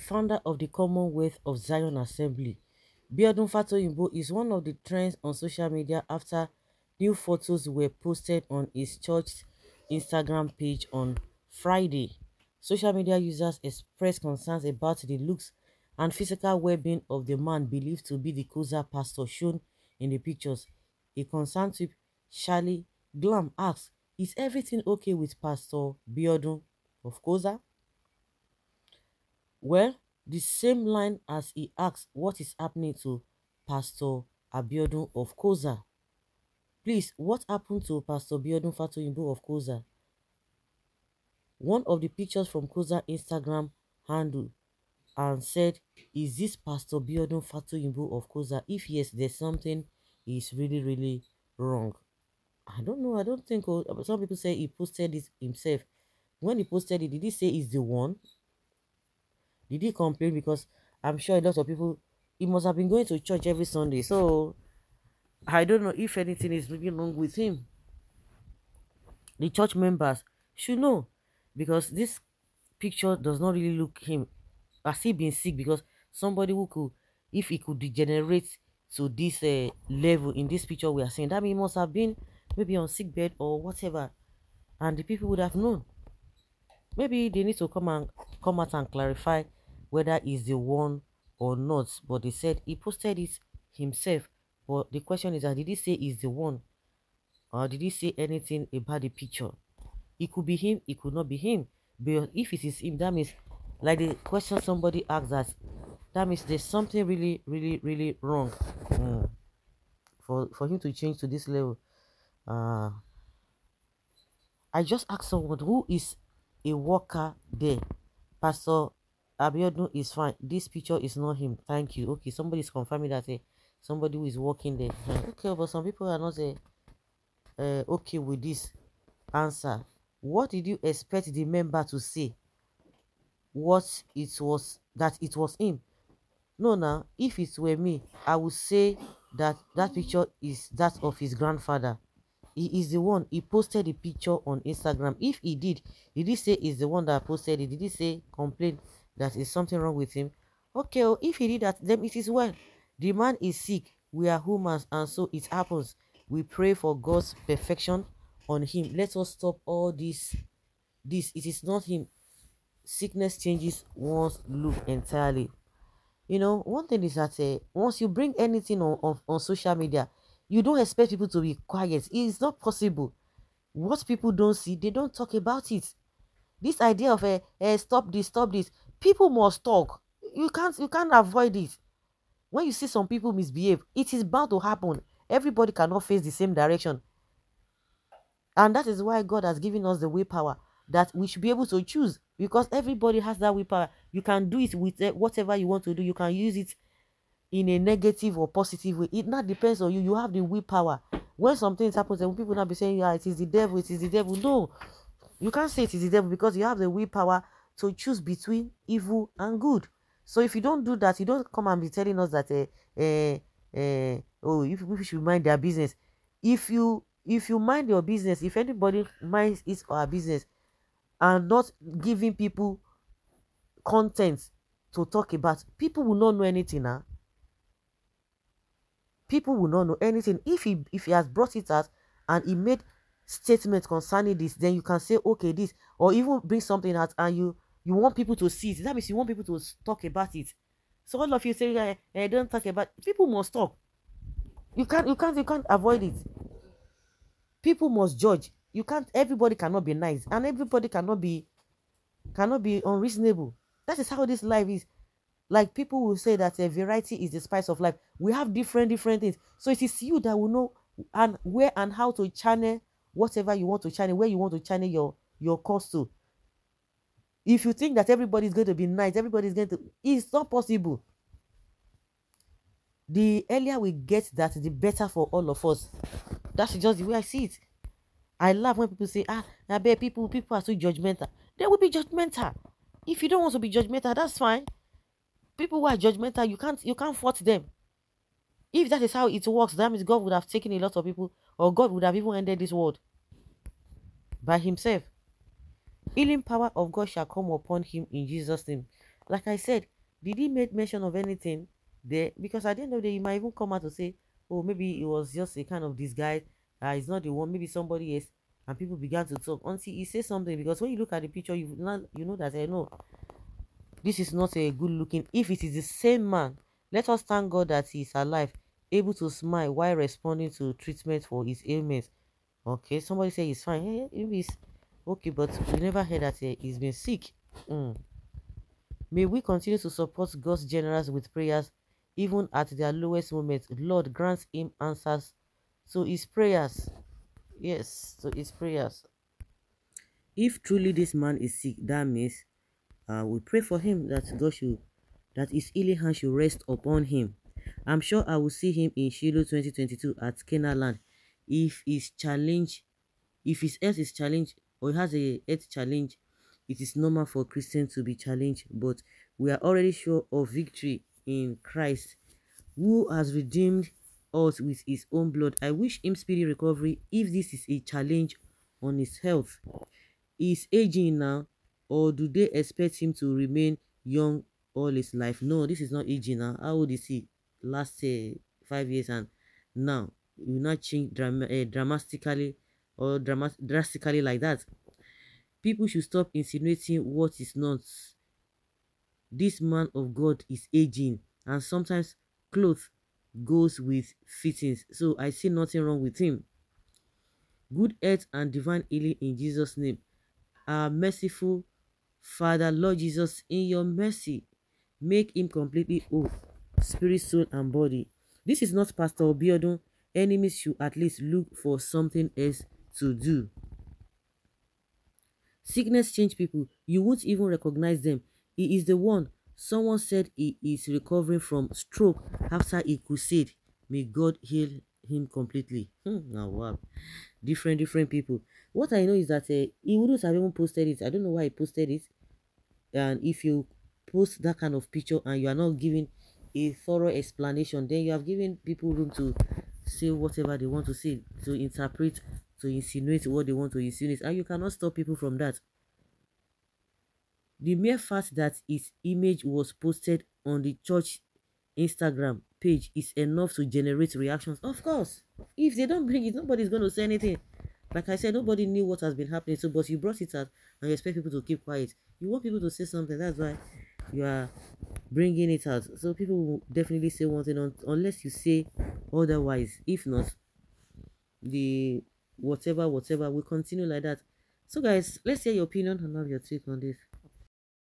founder of the Commonwealth of Zion Assembly, Biodun Fatoyinbo is one of the trends on social media after new photos were posted on his church's Instagram page on Friday. Social media users expressed concerns about the looks and physical well-being of the man believed to be the Koza pastor shown in the pictures. A concerned tip, Charlie Glam asks, is everything okay with Pastor Biodun of Koza? Well, the same line as he asked what is happening to Pastor Abiodun of Koza. Please, what happened to Pastor Abiodun Fatoyinbo of Koza? One of the pictures from Koza Instagram handle and said, is this Pastor Abiodun Fatoyinbo of Koza? If yes, there's something is really, really wrong. I don't know. I don't think. Oh, some people say he posted it himself. When he posted it, did he say he's the one? Did he complain? Because I'm sure a lot of people, he must have been going to church every Sunday. So I don't know if anything is really wrong with him. The church members should know because this picture does not really look him as he being sick because somebody who could, if he could degenerate to this uh, level in this picture we are seeing, that he must have been maybe on sick bed or whatever. And the people would have known. Maybe they need to come and come out and clarify whether he's the one or not, but they said he posted it himself. But the question is did he say he's the one? Or did he say anything about the picture? It could be him, it could not be him. But if it is him, that means like the question somebody asked us, that means there's something really, really, really wrong. Mm, for for him to change to this level. Uh I just asked someone who is a worker there, Pastor Abiodun is fine. This picture is not him. Thank you. Okay, somebody is confirming that uh, somebody who is working there. Eh, okay, but some people are not uh, uh, okay with this answer. What did you expect the member to say? What it was that it was him? No, now if it were me, I would say that that picture is that of his grandfather. He is the one. He posted the picture on Instagram. If he did, did he say is the one that posted it? Did he say complain? that is something wrong with him, okay, well, oh, if he did that, then it is well. The man is sick. We are humans, and so it happens. We pray for God's perfection on him. Let us stop all this. This it is not him. Sickness changes one's look entirely. You know, one thing is that uh, once you bring anything on, on, on social media, you don't expect people to be quiet. It is not possible. What people don't see, they don't talk about it. This idea of a uh, eh, uh, eh, stop this, stop this people must talk. You can't you can't avoid it. When you see some people misbehave, it is bound to happen. Everybody cannot face the same direction. And that is why God has given us the willpower that we should be able to choose because everybody has that willpower. You can do it with eh, whatever you want to do. You can use it in a negative or positive way. It not depends on you. You have the willpower. When something happens, and people now be saying, "Yeah, it is the devil. It is the devil." No, you can't say it is the devil because you have the willpower to choose between evil and good. So if you don't do that, you don't come and be telling us that, uh, uh, uh, oh, if people should mind their business. If you if you mind your business, if anybody minds his or her business, and not giving people content to talk about, people will not know anything now. Huh? Ah. People will not know anything if he if he has brought it out and he made statement concerning this, then you can say, okay, this, or even bring something out and you you want people to see it. That means you want people to talk about it. So all of you say, I eh, eh, don't talk about it. people must talk. You can't you can't you can't avoid it. People must judge. You can't everybody cannot be nice and everybody cannot be cannot be unreasonable. That is how this life is. Like people will say that a eh, variety is the spice of life. We have different different things. So it is you that will know and where and how to channel whatever you want to channel, where you want to channel your your course to. If you think that everybody is going to be nice, everybody is going to, it's not possible. The earlier we get that, the better for all of us. That's just the way I see it. I love when people say, ah, I bet people people are so judgmental. They will be judgmental. If you don't want to be judgmental, that's fine. People who are judgmental, you can't you can't fault them. If that is how it works, that means God would have taken a lot of people or God would have even ended this world by himself. Healing power of God shall come upon him in Jesus' name. Like I said, did he make mention of anything there? Because at the end of the day, he might even come out to say, oh, maybe it was just a kind of disguise. Uh, ah, it's not the one, maybe somebody else. And people began to talk until he says something. Because when you look at the picture, you, not, you know that, I eh, know this is not a good looking. If it is the same man, let us thank God that he is alive able to smile while responding to treatment for his ailments. Okay, somebody say he's fine. maybe eh, eh, he's okay, but we never heard that eh, he's been sick. Mm. May we continue to support God's generous with prayers, even at their lowest moments. Lord grants him answers to his prayers. Yes, to his prayers. If truly this man is sick, that means uh, we pray for him that God should, that his healing hand should rest upon him. I'm sure I will see him in Shiloh 2022 at Canaanland if his challenge, if his health is challenged or has a health challenge, it is normal for Christians to be challenged, but we are already sure of victory in Christ, who has redeemed us with his own blood. I wish him speedy recovery if this is a challenge on his health. He is aging now, or do they expect him to remain young all his life? No, this is not aging now. How old is he? last say five years and now you not change dram- uh, eh, dramatically or drama drastically like that people should stop insinuating what is not this man of god is aging and sometimes clothes goes with fittings so i see nothing wrong with him good health and divine healing in jesus name our merciful father lord jesus in your mercy make him completely whole spirit, soul, and body. This is not Pastor Obiodun. Enemies should at least look for something else to do. Sickness change people. You won't even recognize them. He is the one. Someone said he is recovering from stroke after a crusade. May God heal him completely. Hmm, now, wow. Different, different people. What I know is that uh, he wouldn't have even posted it. I don't know why he posted it. And if you post that kind of picture and you are not giving a thorough explanation then you have given people room to say whatever they want to say to interpret to insinuate what they want to insinuate and you cannot stop people from that the mere fact that his image was posted on the church instagram page is enough to generate reactions of course if they don't bring it nobody's going to say anything like i said nobody knew what has been happening so but you brought it out and you expect people to keep quiet you want people to say something that's why you are bringing it out so people will definitely say one thing unless you say otherwise if not the whatever whatever will continue like that so guys let's hear your opinion and have your take on this